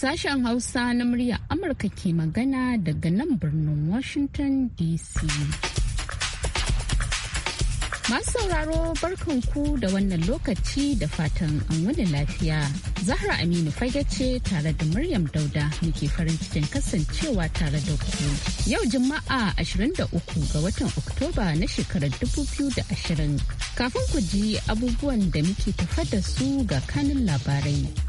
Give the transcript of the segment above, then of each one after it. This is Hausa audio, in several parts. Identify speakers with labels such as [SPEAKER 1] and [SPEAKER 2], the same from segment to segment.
[SPEAKER 1] Sashen Hausa na murya Amurka ke magana daga nan birnin Washington DC. Masu sauraro barkanku da wannan lokaci da fatan an wani lafiya. Zahra Aminu fage ce tare da Maryam Dauda muke farin cikin kasancewa tare da ku. Yau Juma'a 23 ga watan Oktoba na shekarar 2020. Kafin ku ji abubuwan da muke tafa da su ga kanin labarai.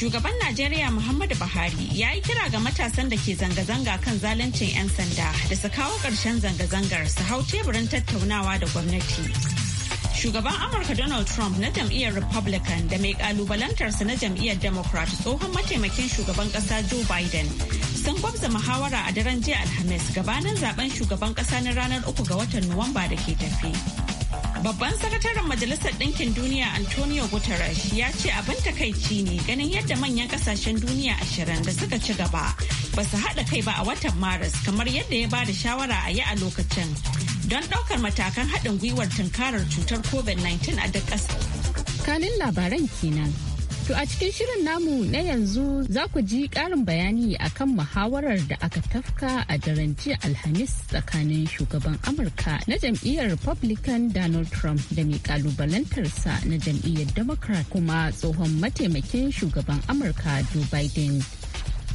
[SPEAKER 2] Shugaban Najeriya Muhammadu Buhari ya yi kira ga matasan da ke zanga-zanga kan zaluncin 'yan sanda da su kawo ƙarshen zanga-zangar su hau teburin tattaunawa da gwamnati. Shugaban Amurka Donald Trump na jam'iyyar Republican da mai kalubalantarsa na jam'iyyar Democrat tsohon mataimakin shugaban ƙasa Joe Biden sun gwabza muhawara a daren jiya Alhamis gabanin zaben shugaban ƙasa na ranar uku ga watan Nuwamba da ke tafi. Babban sakataren Majalisar Ɗinkin Duniya Antonio Guterres ya ce abin takaici ne ganin yadda manyan kasashen duniya ashirin da suka ci gaba ba su haɗa kai ba a watan Maris kamar yadda ya ba da shawara a yi a lokacin don ɗaukar matakan haɗin gwiwar tunkarar cutar COVID-19 a duk ƙasa.
[SPEAKER 1] Kanin labaran kenan. To a cikin shirin namu na yanzu za ku ji ƙarin bayani a kan muhawarar da aka tafka a daren jiya Alhamis tsakanin shugaban Amurka na jam'iyyar Republican Donald Trump da mai kalubalantarsa na jam'iyyar Democrat kuma tsohon mataimakin shugaban Amurka Joe Biden.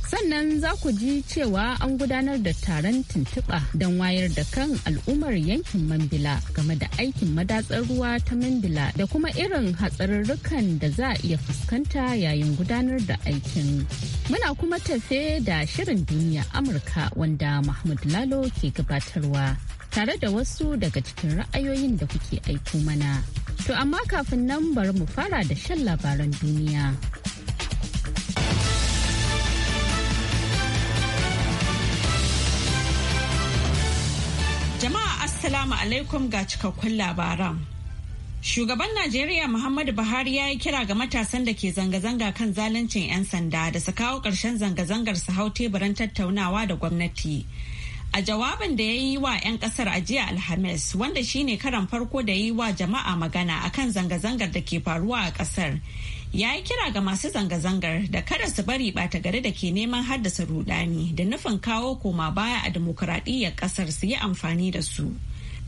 [SPEAKER 1] sannan za ku ji cewa an gudanar da taron tuntuɓa don wayar da kan al'ummar yankin mambila game da aikin madatsar ruwa ta mambila da kuma irin hatsarurrukan da za a iya fuskanta yayin gudanar da aikin muna kuma tafe da shirin duniya amurka wanda mahmud lalo ke gabatarwa tare da wasu daga cikin ra'ayoyin da kuke aiko mana to amma kafin nan bari mu fara da shan labaran duniya.
[SPEAKER 2] Assalamu alaikum ga cikakkun labaran. Shugaban Najeriya Muhammadu Buhari ya yi kira ga matasan da ke zanga-zanga kan zaluncin 'yan sanda da su kawo ƙarshen zanga-zangar su hau teburan tattaunawa da gwamnati. A jawabin da ya yi wa 'yan kasar a jiya Alhamis, wanda shi ne karan farko da yi wa jama'a magana a kan zanga-zangar da ke faruwa a kasar, ya yi kira ga masu zanga-zangar da kada su bari ɓata gari da ke neman haddasa rudani da nufin kawo koma baya a dimokuraɗiyyar ƙasar su yi amfani da su.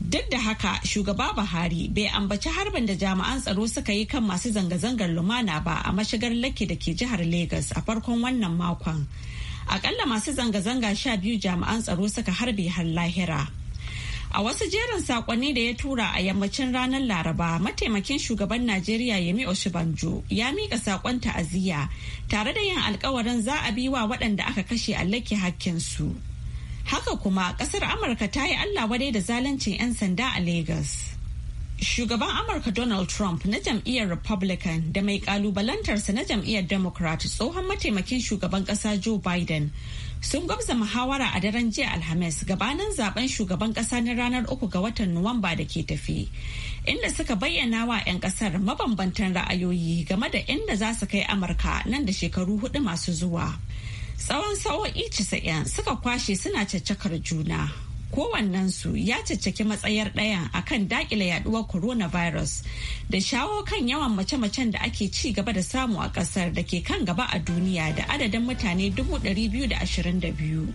[SPEAKER 2] Duk da haka shugaba Buhari bai ambaci harbin da jami'an tsaro suka yi kan masu zanga-zangar lumana ba a mashigar lakki da ke jihar Legas a farkon wannan makon. Akalla masu zanga-zanga sha biyu jami'an tsaro suka harbe har lahira. A wasu jerin sakonni da ya tura a yammacin ranar Laraba, mataimakin shugaban Najeriya Yemi osibanjo ya miƙa sakon ta'aziyya tare da yin alkawarin za a bi wa waɗanda aka kashe a hakkinsu. hakkin su. Haka kuma kasar Amurka ta yi Allah wadai da zaluncin 'yan sanda a Lagos. Shugaban Amurka Donald Trump na jam'iyyar Republican da mai kalubalantarsa na jam'iyyar Democrat tsohon mataimakin shugaban kasa Joe Biden sun gwabza muhawara a daren jiya Alhamis gabanin zaben shugaban kasa na ranar uku ga watan Nuwamba da ke tafi. Inda suka bayyana wa 'yan kasar mabambantan ra'ayoyi game da inda za su kai Amurka nan da shekaru hudu masu zuwa. Tsawon sa'o'i casa'in suka kwashe suna caccakar juna. Kowannensu ya caccaki matsayar ɗayan akan dakile yaduwar coronavirus da shawo kan yawan mace-macen da ake ci gaba da samu a ƙasar da ke kan gaba a duniya da adadin mutane 222.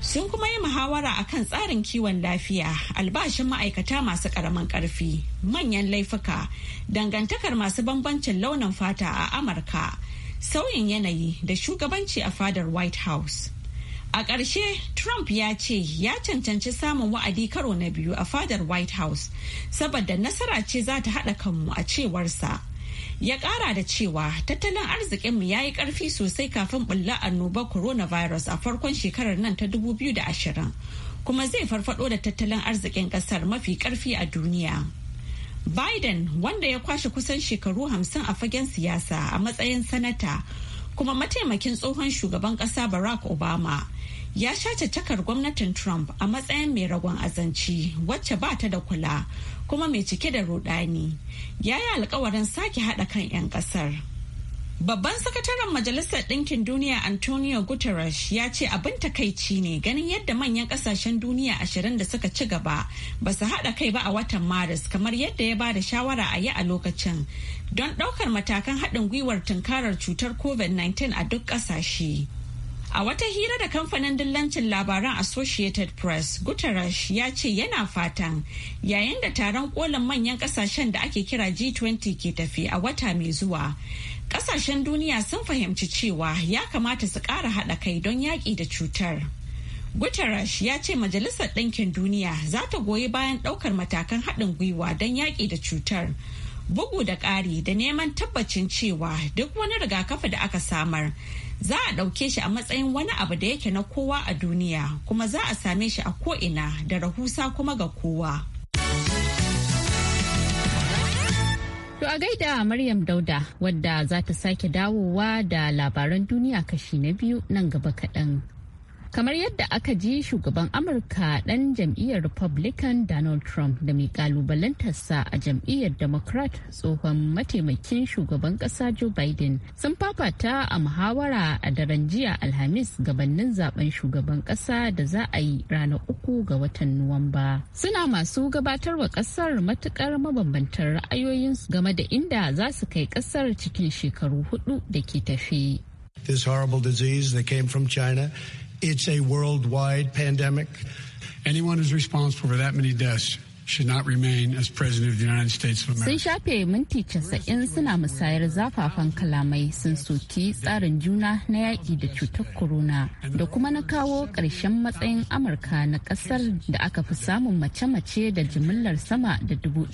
[SPEAKER 2] sun kuma yi muhawara a kan tsarin kiwon lafiya albashin ma'aikata masu karamin karfi manyan laifuka dangantakar masu bambancin launin fata a amurka sauyin yanayi da shugabanci a fadar White House. A ƙarshe, Trump ya ce ya cancanci samun wa'adi karo na biyu a fadar White House, saboda nasara ce za ta haɗa kanmu a cewarsa. Ya ƙara da cewa tattalin arzikinmu ya yi ƙarfi sosai kafin ɓulla annobar coronavirus a farkon shekarar nan ta 2020, kuma zai farfado da tattalin arzikin ƙasar mafi ƙarfi a duniya. Biden wanda ya kwashe kusan shekaru hamsin a fagen siyasa a matsayin sanata kuma mataimakin tsohon shugaban ƙasa Barack Obama ya shace takar gwamnatin Trump a matsayin mai ragon azanci wacce ba ta da kula kuma mai cike da rudani ya yi alkawarin sake haɗa kan 'yan ƙasar. Babban sakataren Majalisar Ɗinkin Duniya Antonio Guterres ya ce abin takaici ne ganin yadda manyan ƙasashen duniya ashirin da suka ci gaba ba su haɗa kai ba a watan Maris kamar yadda ya ba da shawara a yi a lokacin don ɗaukar matakan haɗin gwiwar tunkarar cutar COVID-19 a duk ƙasashe. A wata hira da kamfanin dillancin labaran Associated Press, Guterres ya ce yana fatan yayin da taron kolin manyan kasashen da ake kira G20 ke tafi a wata mai zuwa. Ƙasashen duniya sun fahimci cewa ya kamata su ƙara haɗa kai don yaƙi da cutar. Guterres ya ce Majalisar Ɗinkin Duniya za ta goyi bayan ɗaukar matakan haɗin gwiwa don yaƙi da cutar. Bugu da ƙari da neman tabbacin cewa duk wani rigakafi da aka samar za a ɗauke shi a matsayin wani abu da yake na kowa a duniya kuma za a same shi a ko'ina da rahusa
[SPEAKER 1] kuma ga kowa. To a gaida Maryam Dauda wadda za ta sake dawowa da labaran duniya kashi na biyu nan gaba kaɗan. kamar yadda aka ji shugaban amurka dan jam'iyyar republican donald trump da mai kalubalantarsa a jam'iyyar democrat tsohon mataimakin shugaban kasa joe biden sun fafata a muhawara a daren jiya alhamis gabanin zaben shugaban kasa da za a yi ranar uku ga watan nuwamba suna masu gabatarwa kasar matukar mabambantar ra'ayoyinsu game da inda za su kai kasar cikin shekaru hudu da ke tafi
[SPEAKER 3] This horrible disease that came from China It's a worldwide pandemic. Anyone who's responsible for that many deaths Sun
[SPEAKER 1] shafe minti casa'in suna musayar zafafan kalamai sun soki tsarin juna na yaƙi da cutar corona da kuma na kawo ƙarshen matsayin Amurka na ƙasar da aka fi samun mace-mace da jimillar sama da dubu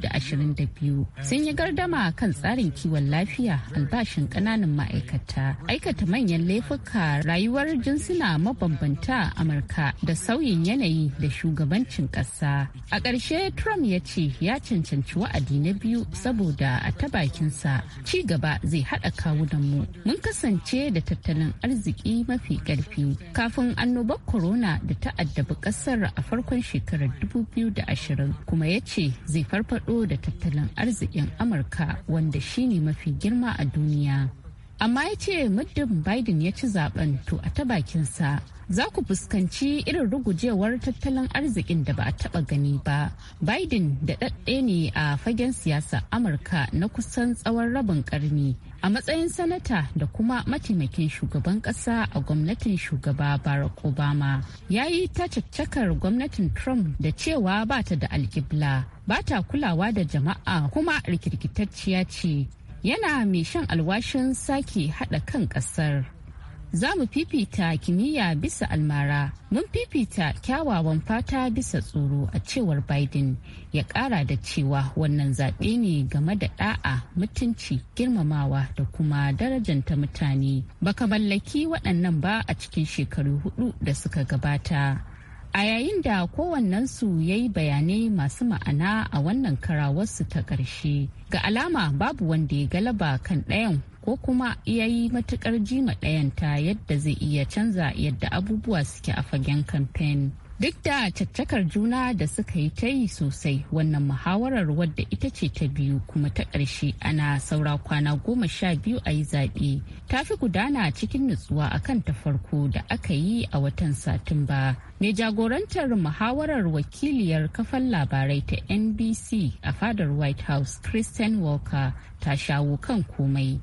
[SPEAKER 1] da ashirin da biyu. Sun yi gardama kan tsarin kiwon lafiya albashin ƙananan ma'aikata, aikata manyan laifuka rayuwar jinsuna mabambanta a Amurka da sauyin yanayi da shugabancin ƙasa. ƙarshe Trump ya ce ya cancanci wa'adi na biyu saboda a ta bakinsa ci gaba zai haɗa mu. Mun kasance da tattalin arziki mafi ƙarfi kafin annobar corona da ta addabi ƙasar a farkon shekarar 2020 kuma ya ce zai farfado da tattalin arzikin Amurka wanda shine mafi girma a duniya. amma ya ce muddin biden ya ci zaben to a ta bakinsa za ku fuskanci irin rugujewar tattalin arzikin da ba a taba gani ba biden da ɗaɗɗe ne a fagen siyasa amurka na kusan tsawon rabin karni a matsayin sanata da kuma mataimakin shugaban ƙasa a gwamnatin shugaba barack obama ya yi ta caccakar gwamnatin trump da cewa ba ta da alkibla ba ta kulawa da jama'a kuma rikirkitacciya ce yana mai shan alwashin sake haɗa kan ƙasar. Za mu fifita kimiyya bisa almara, mun fifita kyawawan fata bisa tsoro a cewar Biden ya ƙara da cewa wannan zaɓe ne game da ɗa'a mutunci girmamawa da kuma darajanta mutane. Baka mallaki waɗannan ba a cikin shekaru hudu da suka gabata. a yayin da kowannensu ya yi bayanai masu ma'ana a wannan karawarsu ta ƙarshe ga alama babu wanda ya galaba kan ɗayan ko kuma ya yi matukar jima ɗayan ta yadda zai iya canza yadda abubuwa suke a fagen kamfen duk da caccakar juna da suka yi ta yi sosai wannan muhawarar wadda ita ce ta biyu kuma ta ƙarshe ana saura kwana goma sha biyu a yi zaɓe ta fi gudana cikin nutsuwa akan ta farko da aka yi a watan satumba mai jagorantar muhawarar wakiliyar kafan labarai ta nbc a fadar white house christian walker ta shawo kan komai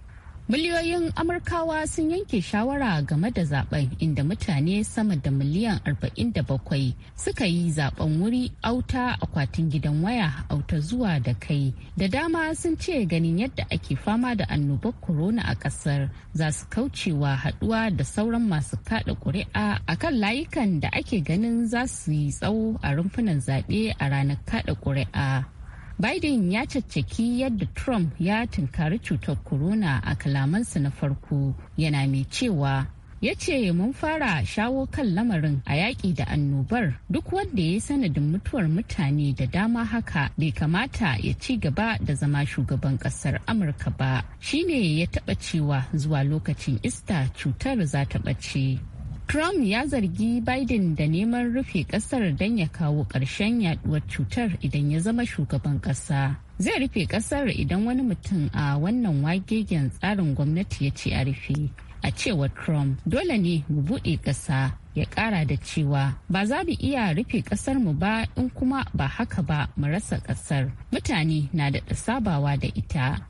[SPEAKER 1] Miliyoyin Amurkawa sun yanke shawara game da zaben inda mutane sama da miliyan 47 suka yi zaben wuri auta akwatin gidan waya auta zuwa da kai. Da dama sun ce ganin yadda ake fama da annobar corona a kasar za su kaucewa haduwa da sauran masu kada kuri'a a kan layukan da ake ganin za su yi tsawo a rumfunan zaɓe a ranar kada kuri'a. Biden ya caccaki yadda Trump ya tunkari cutar corona a kalamansa na farko yana mai cewa ya ce mun fara shawo kan lamarin a yaƙi da annobar duk wanda ya sanadin mutuwar mutane da dama haka bai kamata ya ci gaba da zama shugaban ƙasar amurka ba shine ya taɓa cewa zuwa lokacin ista cutar za ta ɓace Trump ya zargi Biden da neman rufe kasar don ya kawo ƙarshen yaduwar cutar idan ya zama shugaban ƙasa. Zai rufe kasar idan wani mutum a wannan wagegen tsarin gwamnati ya ce a rufe. A cewar Trump, dole ne mu buɗe ƙasa ya ƙara da cewa ba za mu iya rufe ƙasar mu ba in kuma ba haka ba mu rasa ƙasar. Mutane na da sabawa da ita.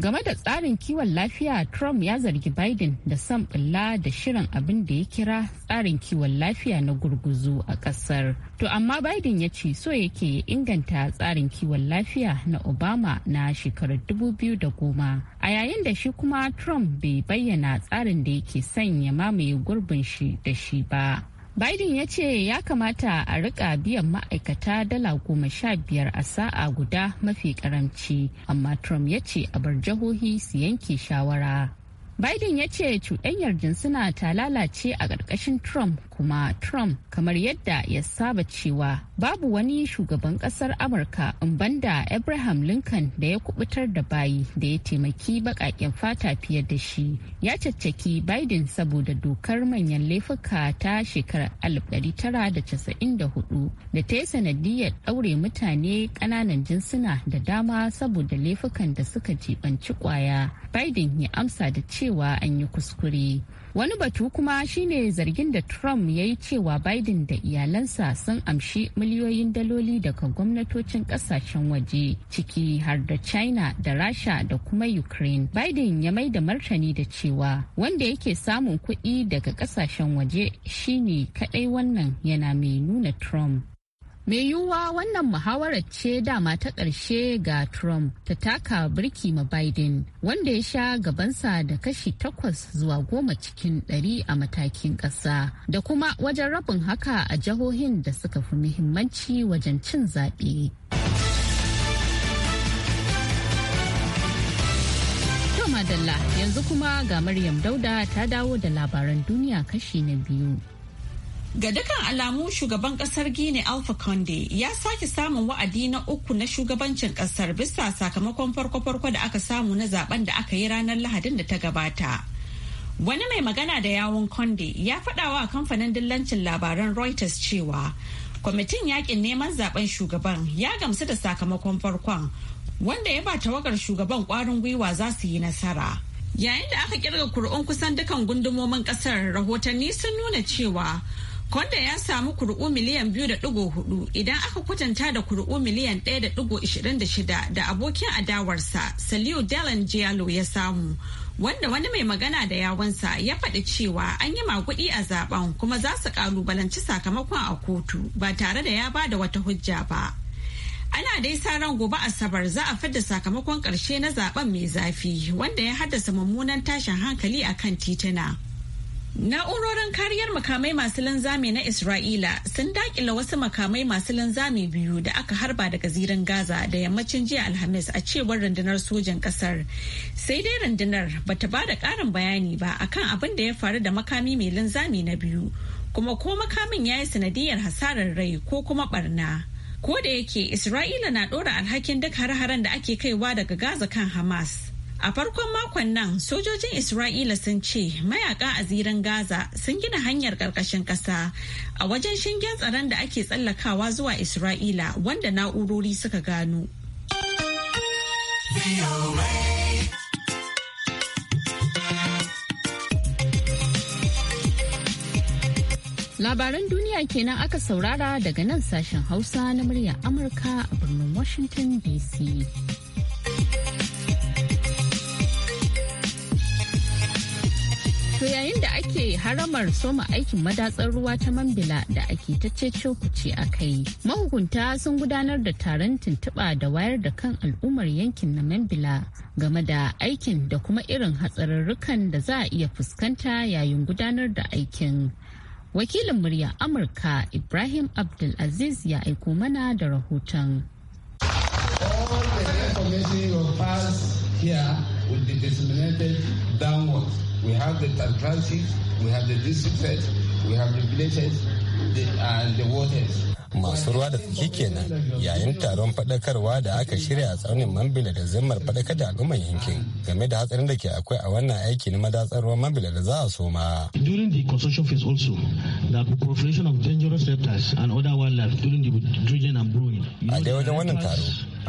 [SPEAKER 1] game da tsarin kiwon lafiya trump ya zargi biden da son bulla da shirin abin da ya kira tsarin kiwon lafiya na gurguzu a kasar to amma biden ya ce so yake inganta tsarin kiwon lafiya na obama na shekarar goma a yayin da shi kuma trump bai bayyana tsarin da yake son ya mamaye gurbin shi da shi ba Biden ya ce ya kamata a rika biyan ma'aikata dala goma sha biyar a sa'a guda mafi karamci, amma Trump ya ce a bar jihohi su yanke shawara. Biden ya ce cuɗanyar jinsuna ta lalace a ƙarƙashin Trump kuma Trump kamar yadda ya saba cewa babu wani shugaban kasar Amurka in banda Abraham Lincoln da ya kubutar da bayi da ya taimaki baƙaƙen fata fiye da shi ya caccaki Biden saboda dokar manyan laifuka ta shekarar 1994 da ta yi sanadiyar ɗaure mutane ƙananan jinsuna da dama saboda laifukan da suka jibanci kwaya. Biden ya amsa da cewa an yi kuskure. Wani batu kuma shine zargin da Trump ya yi cewa Biden da iyalansa sun amshi miliyoyin daloli daga gwamnatocin kasashen waje ciki har da China da Rasha da kuma Ukraine. Biden ya mai da martani da cewa wanda yake samun kuɗi daga kasashen waje shine kaɗai wannan yana mai nuna Trump. Mai yiwuwa wannan muhawarar ce dama ta ƙarshe ga Trump ta taka birki ma Biden wanda ya sha gabansa da kashi takwas zuwa goma cikin ɗari a matakin ƙasa da kuma wajen rabin haka a jihohin da suka fi muhimmanci wajen cin zaɓe. yanzu kuma ga Maryam Dauda ta dawo da labaran duniya kashi na biyu.
[SPEAKER 2] Ga dukkan alamu shugaban kasar Gini Alpha Conde ya sake samun wa'adi na uku na shugabancin kasar bisa sakamakon farko-farko da aka samu na zaben da aka yi ranar Lahadin da ta gabata. Wani mai magana da yawun Conde ya faɗawa kamfanin dillancin labaran Reuters cewa kwamitin yakin neman zaben shugaban ya gamsu da sakamakon farkon wanda ya ba tawagar shugaban kwarin gwiwa za su yi nasara. Yayin da aka kirga kur'un kusan dukan gundumomin kasar rahotanni sun nuna cewa Konda ya samu kuri'u miliyan biyu da digo hudu idan aka kwatanta da kuri'u miliyan ɗaya da digo ishirin da shida da abokin adawarsa Saliu Dalan Jiyalo ya samu. Wanda wani mai magana da yawansa ya faɗi cewa an yi maguɗi a zaben kuma za su ƙalubalanci sakamakon a kotu ba tare da ya ba da wata hujja ba. Ana dai sa ran gobe Asabar za a fidda sakamakon ƙarshe na zaben mai zafi wanda ya haddasa mummunan tashin hankali akan kan tituna. Na'urorin kariyar makamai masu linzami na Isra'ila sun dakila wasu makamai masu linzami biyu da aka harba daga zirin Gaza da yammacin jiya Alhamis a cewar rundunar sojan ƙasar. Sai dai rundunar bata ba da ƙarin bayani ba akan abin da ya faru da makami mai linzami na biyu, kuma ko makamin ya yi sanadiyar hasarar rai ko kuma barna. Ko da yake Isra'ila na ɗora alhakin duk har-haren da ake kaiwa daga Gaza kan Hamas. A farkon makon nan sojojin Isra'ila sun ce mayaka a zirin Gaza sun gina hanyar ƙarƙashin ƙasa a wajen shingen tsaron da ake tsallakawa zuwa Isra'ila wanda na'urori suka gano.
[SPEAKER 1] Labaran duniya kenan aka saurara daga nan sashen Hausa na murya Amurka a birnin Washington DC. yayin da ake haramar soma aikin madatsar ruwa ta mambila da ake tacce cokuce a kai. Mahukunta sun gudanar da taron tuntuɓa da wayar da kan al'ummar yankin na mambila game da aikin da kuma irin hatsarurrukan da za a iya fuskanta yayin gudanar da aikin. Wakilin murya Amurka Ibrahim Abdulaziz ya aiko mana da rahoton.
[SPEAKER 3] All the information you pass
[SPEAKER 4] here will be disseminated downwards. We have the transit, we have the district, we have the villages, the, and the waters. masu ruwa da tsaki kenan yayin taron fadakarwa da aka shirya a tsaunin mambila da zimmar faɗakar da al'ummar yankin game da hatsarin da ke akwai a wannan aiki na madatsar ruwan mambila da za a soma. during the construction phase also the proliferation of dangerous reptiles and other wildlife during the dredging and brewing. a dai wajen wannan taro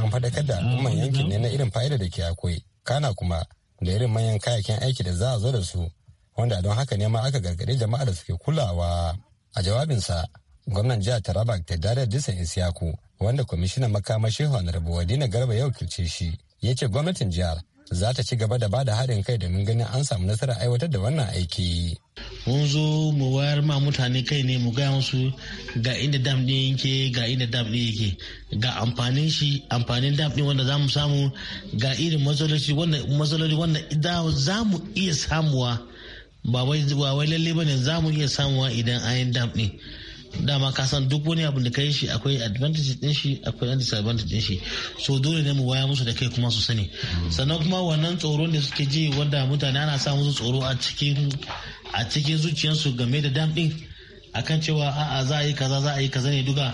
[SPEAKER 4] an fadakar da al'ummar uh, yankin ne na irin fa'ida da ke akwai kana kuma da irin manyan kayayyakin aiki da za a zo da su wanda don haka ne ma aka gargaɗi jama'a da suke kulawa a jawabinsa gwamnan jihar taraba ta dare disan isiyaku wanda kwamishinan makamashi honorable wadina garba yau kirce shi ya ce gwamnatin jihar za ta ci gaba da ba da haɗin kai domin ganin an samu nasarar aiwatar da wannan aiki. mun zo mu wayar ma mutane kai ne mu gaya musu ga inda dam ɗin yake ga inda dam ɗin yake ga amfanin shi amfanin dam ɗin wanda za mu samu ga irin matsaloli wanda matsaloli wanda za mu iya samuwa ba wai lalle bane za mu iya samuwa idan an yi dam ɗin dama ka san duk wani abu da kai shi akwai advantage din shi akwai disadvantage din shi so dole ne mu waya musu da kai kuma su sani sannan kuma wannan tsoron da suke ji wanda mutane ana sa musu tsoro a cikin a cikin zuciyarsu game da dam din akan cewa a'a za a yi kaza za a yi kaza ne duka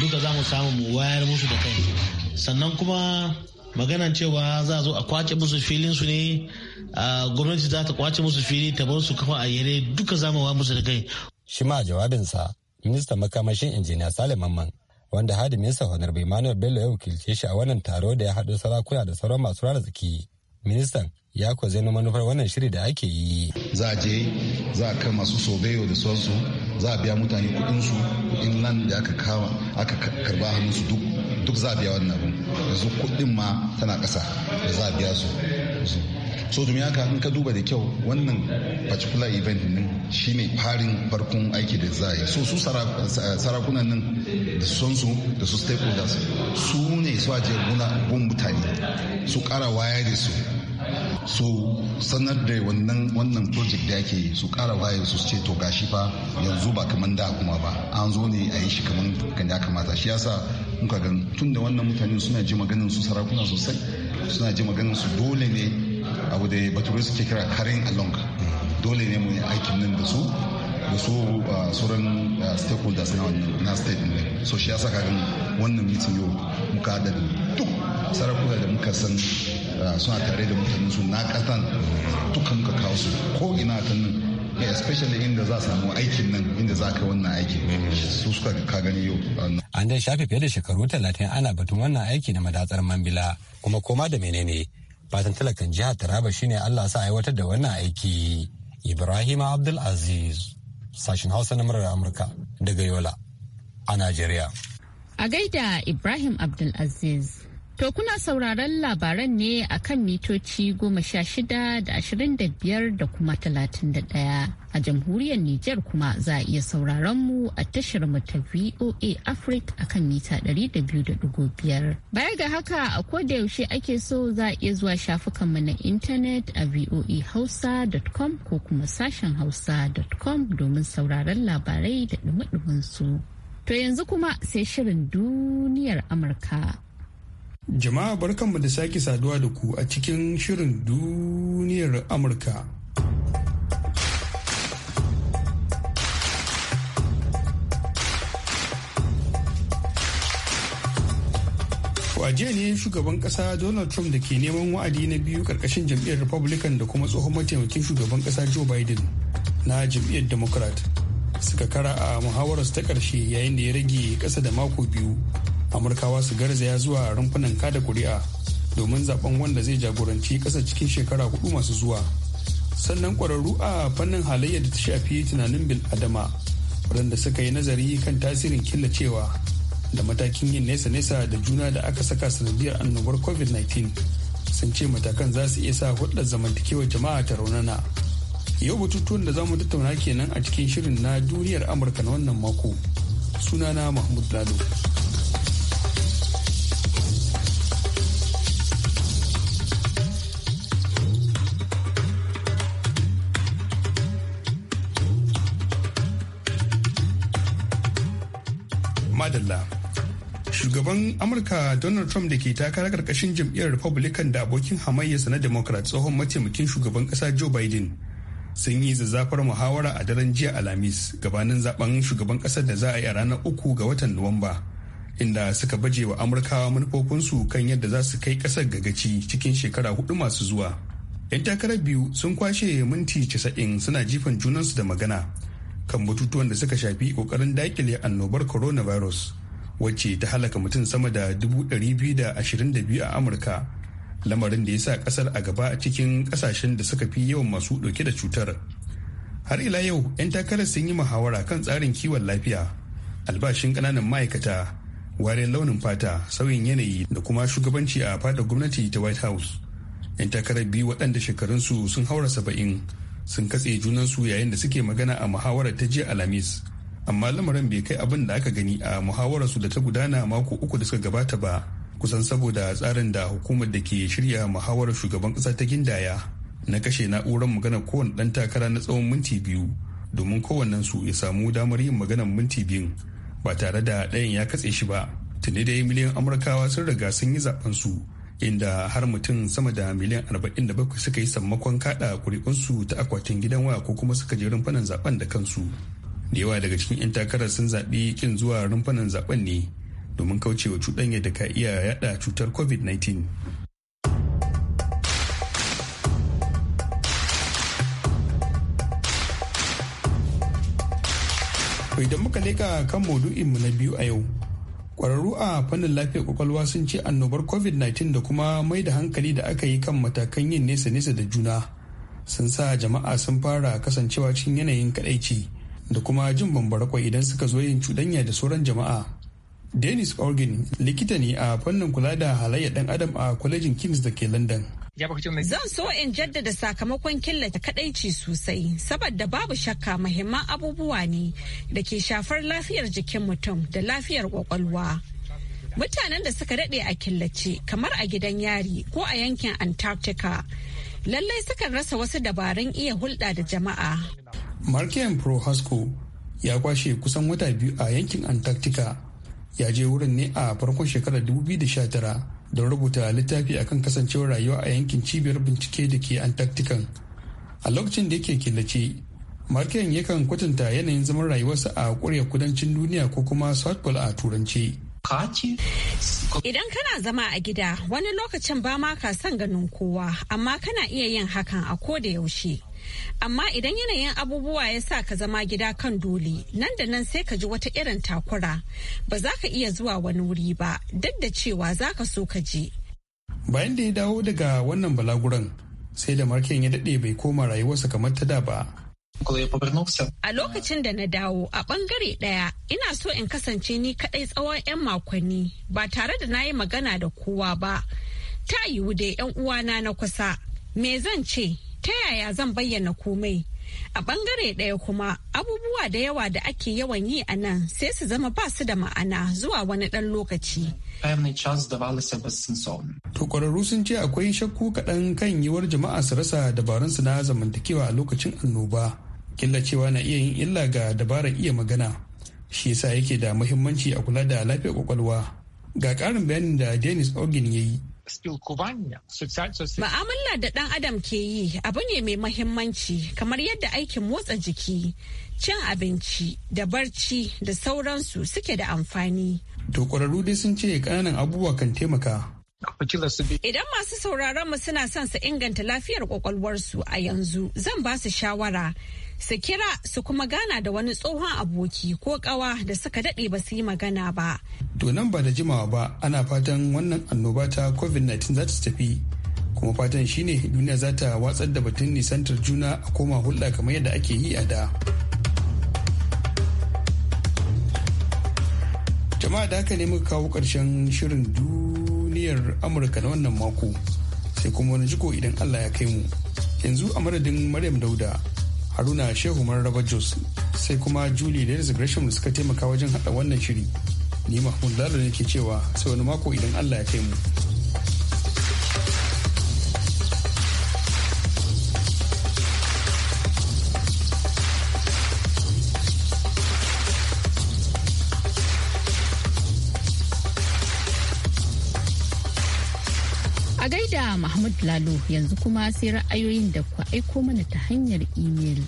[SPEAKER 4] duka za mu samu mu wayar musu da kai sannan kuma maganan cewa za a zo a kwace musu filin su ne gwamnati za ta kwace musu fili ta bar su kafa a yare duka za mu wayar musu da kai shi ma jawabinsa ministan makamashin injiniya salim mamman wanda hadiminsa honorable emmanuel bello ya wakilce shi a wannan taro da ya haɗo sarakuna da sauran masu rana tsaki
[SPEAKER 5] ministan ya kuwa na manufar wannan shiri da ake yi za je za a kai masu sobeyo da sauransu za a biya mutane su in nan da aka kawa aka karba hannun su duk za a biya wannan abu yanzu kuɗin ma tana ƙasa da za a biya su so domin haka in ka duba da kyau wannan particular event shi shine farin farkon aiki da za a yi so su sarakunan nan da son su da su stakeholders su ne su guna gun mutane su kara waya da su su sanar da wannan wannan project da ake yi su kara waya su ce to gashi fa yanzu ba kaman da kuma ba an zo ne a yi shi kaman kan ya kamata shi yasa muka gan tun da wannan mutanen suna ji maganin su sarakuna sosai suna ji maganin su dole ne abu da bature suke kira karin along dole ne mu yi aikin nan da su da su uh, sauran uh, stakeholders na na state ne so shi yasa kaga wannan meeting yau muka da duk sarakuna da muka san uh, suna tare da mutanen su na kasan duka muka kawo su ko ina ta nan especially inda za samu aikin nan inda za ka wannan aikin su suka ka gani yau an dai shafe
[SPEAKER 4] fiye da shekaru talatin ana batun wannan aiki na madatsar mambila kuma koma da menene fatan talakan jihar taraba shine allah sa aiwatar da wannan aiki ibrahim abdulaziz sashen hausa na murar amurka daga yola a najeriya
[SPEAKER 1] a gaida ibrahim abdulaziz To kuna sauraron labaran ne a kan mitoci goma sha shida da ashirin da biyar da kuma talatin da ɗaya. A jamhuriyar Nijar kuma za a iya sauraron mu a tashar mu ta VOA Africa a kan mita ɗari da biyu da ɗigo biyar. Baya ga haka a kodayaushe yaushe ake so za a iya zuwa shafukan mu na intanet a voahausa.com ko kuma sashen hausa.com domin sauraron labarai da ɗumi su. To yanzu kuma sai shirin duniyar Amurka.
[SPEAKER 3] Jama'a barkanmu da sake saduwa da ku a cikin shirin duniyar Amurka. waje ne shugaban kasa donald trump da ke neman wa'adi na biyu karkashin jam'iyyar republican da kuma tsohon mataimakin shugaban kasa joe biden na jam'iyyar democrat suka kara a muhawararsu ta karshe yayin da ya rage kasa da mako biyu amurkawa su garzaya zuwa rumfunan kada kuri'a domin zaben wanda zai jagoranci ƙasa cikin shekara hudu masu zuwa sannan kwararru a fannin halayyar da ta shafi tunanin bil adama waɗanda suka yi nazari kan tasirin killacewa da matakin yin nesa-nesa da juna da aka saka sanadiyar annobar covid-19 sun ce matakan za su iya sa hulɗar zamantakewar jama'a ta raunana yau batutuwan da za mu tattauna kenan a cikin shirin na duniyar amurka na wannan mako sunana mahmud lalo amurka donald trump da ke takarar karkashin jam'iyyar republican da abokin hamayyarsa na democrat tsohon mataimakin shugaban kasa joe biden sun yi zazzafar muhawara a daren jiya alhamis gabanin zaben shugaban kasar da za a yi a ranar uku ga watan nuwamba inda suka baje wa amurkawa manufofinsu kan yadda za su kai kasar gagaci cikin shekara hudu masu zuwa yan takarar biyu sun kwashe minti casa'in suna jifan junansu da magana kan batutuwan da suka shafi kokarin dakile annobar coronavirus wacce ta halaka mutum sama da 222 a amurka lamarin da ya sa kasar a gaba a cikin kasashen da suka fi yawan masu dauke da cutar har ila yau 'yan takarar sun yi muhawara kan tsarin kiwon lafiya albashin kananan ma'aikata wariyar launin fata sauyin yanayi da kuma shugabanci a fadar gwamnati ta white house 'yan takarar biyu waɗanda shekarunsu sun haura saba'in sun katse junansu yayin da suke magana a muhawarar ta jiya alhamis amma lamarin bai kai abin da aka gani a muhawarar su da ta gudana mako uku da suka gabata ba kusan saboda tsarin da hukumar da ke shirya muhawarar shugaban kasa ta gindaya na kashe na'urar magana kowane dan takara na tsawon minti biyu domin kowannen su ya samu damar yin maganar minti biyu ba tare da ɗayan ya katse shi ba tuni dai miliyan amurkawa sun riga sun yi zaben su inda har mutum sama da miliyan arba'in da bakwai suka yi sammakon kaɗa kuri'unsu ta akwatin gidan waya ko kuma suka je rumfanan zaben da kansu da yawa daga cikin 'yan takarar sun zaɓi kin zuwa rumfanan zaɓen ne domin kaucewa cuɗanya da ka iya yada cutar covid-19 da muka leka kan maudu'inmu na biyu a yau kwararru a fannin lafiyar kwakwalwa sun ce annobar covid-19 da kuma mai da hankali da aka yi kan matakan yin nesa-nesa da juna sun sa jama'a sun fara kasancewa cikin yanayin kadaici da kuma jin bambarakwai idan suka zo yin cuɗanya da sauran jama'a dennis organ likita ne a fannin kula da halayyar dan adam a kwalejin kings da ke london
[SPEAKER 2] Zan so in jaddada sakamakon killace kadaici sosai, saboda babu shakka muhimman abubuwa ne da ke shafar lafiyar jikin mutum da lafiyar kwakwalwa. Mutanen da suka daɗe a killace kamar a gidan yari ko a yankin Antarctica, lallai sukan rasa wasu dabarun iya hulɗa da jama'a
[SPEAKER 3] markian prohasco ya kwashe kusan wata biyu a yankin antarctica ya je wurin ne a farkon shekarar 2019 don rubuta littafi akan kasancewar rayuwa a yankin cibiyar bincike da ke antarctica a lokacin da yake killace markian yakan kwatanta yanayin zaman rayuwarsa a kurya kudancin duniya ko kuma south a turanci
[SPEAKER 2] Idan kana zama a gida wani lokacin ba ma ka son ganin kowa amma kana iya yin hakan a ko da yaushe. Amma idan yanayin abubuwa ya sa ka zama gida kan dole, nan da nan sai ka ji wata irin takura. Ba za ka iya zuwa wani wuri ba, duk da cewa za ka so ka je.
[SPEAKER 3] Bayan da ya dawo daga wannan balaguran, sai da marken ya daɗe bai koma rayuwarsa kamar ta da ba.
[SPEAKER 2] A lokacin da na dawo a bangare ɗaya ina so in kasance ni kaɗai tsawon 'yan makonni ba tare da na yi magana da kowa ba. ta yiwu da 'yan uwana na kusa me zan ce ta yaya zan bayyana komai a bangare ɗaya kuma abubuwa da yawa da ake yawan yi a nan sai su zama ba su da ma'ana zuwa wani dan lokaci.
[SPEAKER 3] To kwararru sun ce akwai shakku kaɗan kan yiwuwar jama'a su rasa dabarun su na zamantakewa a lokacin annoba. Killacewa na iya yin illa ga dabarar iya magana. Shi yasa yake da muhimmanci a kula da lafiyar kwakwalwa. Ga ƙarin bayanin da Dennis Ogin ya yi. spilkovania social Ma'amala
[SPEAKER 2] da ɗan adam ke yi abu ne mai mahimmanci kamar yadda aikin motsa jiki, cin abinci da barci da sauransu suke da amfani.
[SPEAKER 3] To ƙwararru dai sun ce ƙananan abubuwa kan taimaka. Idan
[SPEAKER 2] masu sauraron mu suna son su inganta lafiyar kwakwalwarsu a yanzu zan ba su shawara su kira su kuma gana da wani tsohon aboki ko kawa da suka daɗe ba su yi magana ba.
[SPEAKER 3] To ba da jimawa ba ana fatan wannan annoba ta COVID-19 za ta tafi kuma fatan shine duniya za ta watsar da batun nisantar juna a koma hulɗa kamar yadda ake yi a da. Jama'a da haka ne muka kawo ƙarshen shirin duniyar Amurka na wannan mako sai kuma wani jiko idan Allah ya kai mu. Yanzu a madadin Maryam Dauda haruna shehu mararraba jos sai kuma julie da gresham da suka taimaka wajen haɗa wannan shiri ni mahmud lalo ne ke cewa sai wani mako idan allah ya kai mu
[SPEAKER 1] Mahmud Lalo yanzu kuma sai ra'ayoyin da ku aiko mana ta hanyar imel.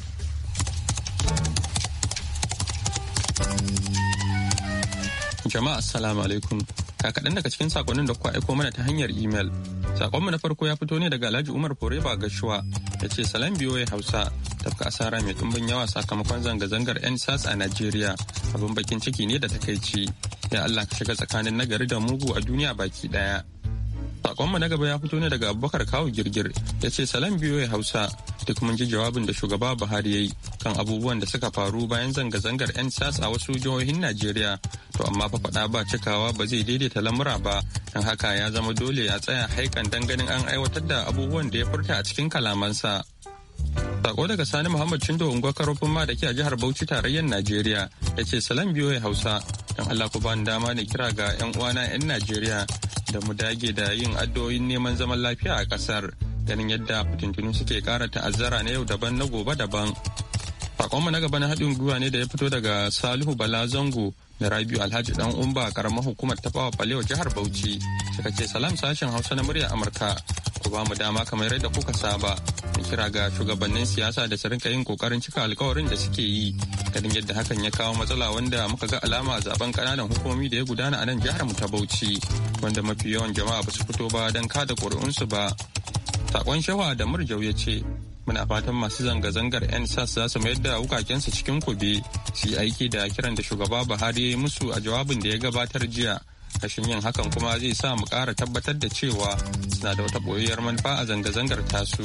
[SPEAKER 6] Jama'a Assalamu alaikum. Ka kaɗan daga cikin sakonnin da ku aiko mana ta hanyar imel. Sakonmu na farko ya fito ne daga Alhaji Umar Foreba Gashuwa ya ce salam biyoyi Hausa tafka asara mai ɗumbin yawa sakamakon zanga-zangar 'yan sas a Najeriya abin bakin ciki ne da takaici. Ya Allah ka shiga tsakanin nagari da mugu a duniya baki ɗaya. Sakonmu na gaba ya fito ne daga Abubakar Kawu Girgir ya ce salam biyo Hausa duk mun ji jawabin da shugaba Buhari ya yi kan abubuwan da suka faru bayan zanga-zangar 'yan sas a wasu jihohin Najeriya. To amma fa faɗa ba cikawa ba zai daidaita lamura ba don haka ya zama dole ya tsaya haikan dangane an aiwatar da abubuwan da ya furta a cikin kalamansa. Sako daga Sani Muhammad Cindo Unguwa Karofin ma da ke a jihar Bauchi tarayyar Najeriya da ce salam biyo Hausa don Allah ku bani dama ne kira ga 'yan uwana 'yan Najeriya da mu dage da yin addu'o'in neman zaman lafiya a kasar ganin yadda fitintunu suke kara ta'azzara na yau daban na gobe daban. Sakonmu na gaba na haɗin gwiwa ne da ya fito daga Salihu Bala Zango da Rabiu Alhaji Dan Umba karamar hukumar tafawa falewa jihar Bauchi suka ce salam sashen Hausa na murya Amurka ku bamu dama kamar yadda kuka saba kira ga shugabannin siyasa da su rinka yin kokarin cika alkawarin da suke yi ganin yadda hakan ya kawo matsala wanda muka ga alama a zaben kananan hukumomi da ya gudana a nan jihar mu ta Bauchi wanda mafi yawan jama'a ba su fito ba don kada su ba sakon shawa da murjau ya ce muna fatan masu zanga-zangar 'yan sas za su mayar da su cikin kube su yi aiki da kiran da shugaba buhari ya yi musu a jawabin da ya gabatar jiya rashin yin hakan kuma zai sa mu kara tabbatar da cewa suna da wata boyayyar manufa a zanga-zangar tasu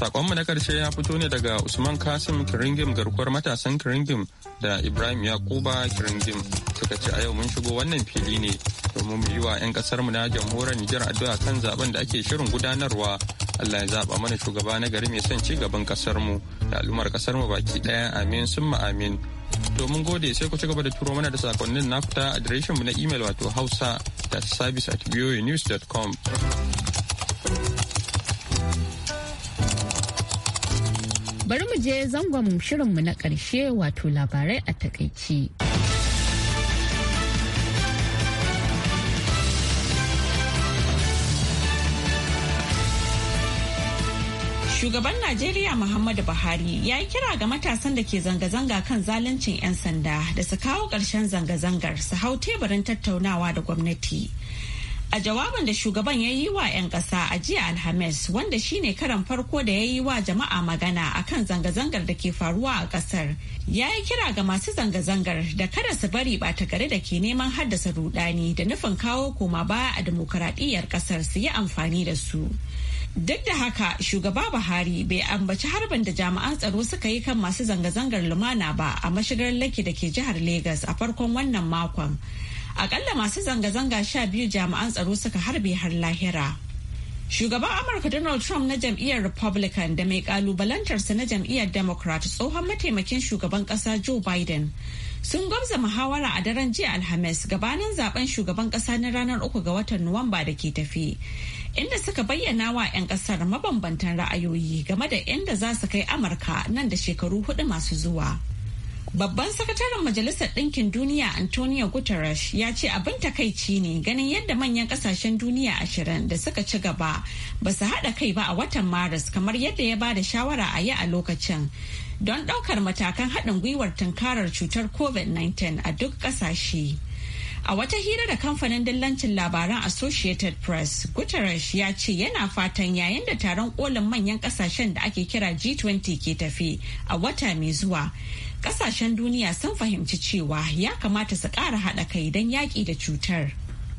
[SPEAKER 6] Sakonmu na karshe ya fito ne daga Usman Kasim Kiringim garkuwar matasan Kiringim da Ibrahim Yakuba Kiringim suka ce a yau mun shigo wannan fili ne domin mu yi wa 'yan mu na jamhuriyar Nijar addu'a kan zaben da ake shirin gudanarwa. Allah ya zaba mana shugaba na gari mai son ci gaban kasarmu da al'ummar mu baki ɗaya amin summa amin. domin gode sai ku ci gaba da turo mana da sakonnin na fita adireshin mu na imel wato hausa da service at com.
[SPEAKER 1] je zangon shirinmu na ƙarshe wato labarai a takaici.
[SPEAKER 2] Shugaban Najeriya Muhammadu Buhari ya yi kira ga matasan da ke zanga-zanga kan zaluncin 'yan sanda da su kawo ƙarshen zanga-zangar su hau teburin tattaunawa da gwamnati. A jawabin da shugaban ya yi wa 'yan ƙasa a jiya Alhamis wanda shine karan farko da ya yi wa jama'a magana a kan zanga-zangar da ke faruwa a ƙasar. Ya yi kira ga masu zanga-zangar da kada su bari ɓata gari da ke neman haddasa rudani da nufin kawo koma baya a dimokuraɗiyyar ƙasar su yi amfani da su. Duk da haka shugaba Buhari bai ambaci harbin da jami'an tsaro suka yi kan masu zanga-zangar lumana ba a mashigar laki da ke jihar Legas a farkon wannan makon. akalla masu zanga-zanga sha biyu jami'an tsaro suka harbe har lahira. Shugaban Amurka Donald Trump na jam'iyyar Republican da mai kalubalantarsa na jam'iyyar Democrat tsohon mataimakin shugaban ƙasa Joe Biden sun gwamza muhawara a daren jiya Alhamis gabanin zaben shugaban ƙasa na ranar uku ga watan Nuwamba da ke tafi. Inda suka bayyana wa 'yan ƙasar mabambantan ra'ayoyi game da inda za su kai Amurka nan da shekaru hudu masu zuwa. Babban sakataren Majalisar Ɗinkin Duniya Antonio Guterres ya ce abin takaici ne ganin yadda manyan ƙasashen duniya ashirin da suka ci gaba ba su haɗa kai ba a watan Maris kamar yadda ya ba da shawara a yi a lokacin don ɗaukar matakan haɗin gwiwar tunkarar cutar COVID-19 a duk ƙasashe. A wata hira da kamfanin dillancin labaran Associated Press, Guterres ya ce yana fatan yayin da taron kolin manyan ƙasashen da ake kira G20 ke tafi a wata mai zuwa. kasashen duniya sun fahimci cewa ya kamata su ƙara haɗa kai don yaƙi da cutar.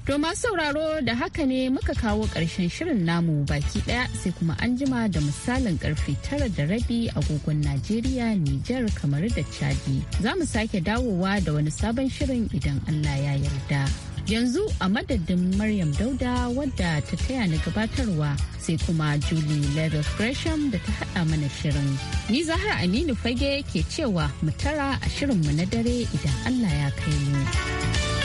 [SPEAKER 1] domin sauraro da haka ne muka kawo ƙarshen shirin namu baki ɗaya sai kuma an jima da misalin karfe tara da rabi agogon Najeriya, Nijar, kamar da Chadi. Za mu sake dawowa da wani sabon shirin idan Allah ya yarda. yanzu a madadin maryam dauda wadda ta taya ni gabatarwa sai kuma julie leather gresham da ta hada mana shirin ni zahra aminu fage ke cewa mu tara a shirinmu na dare idan allah ya kai mu.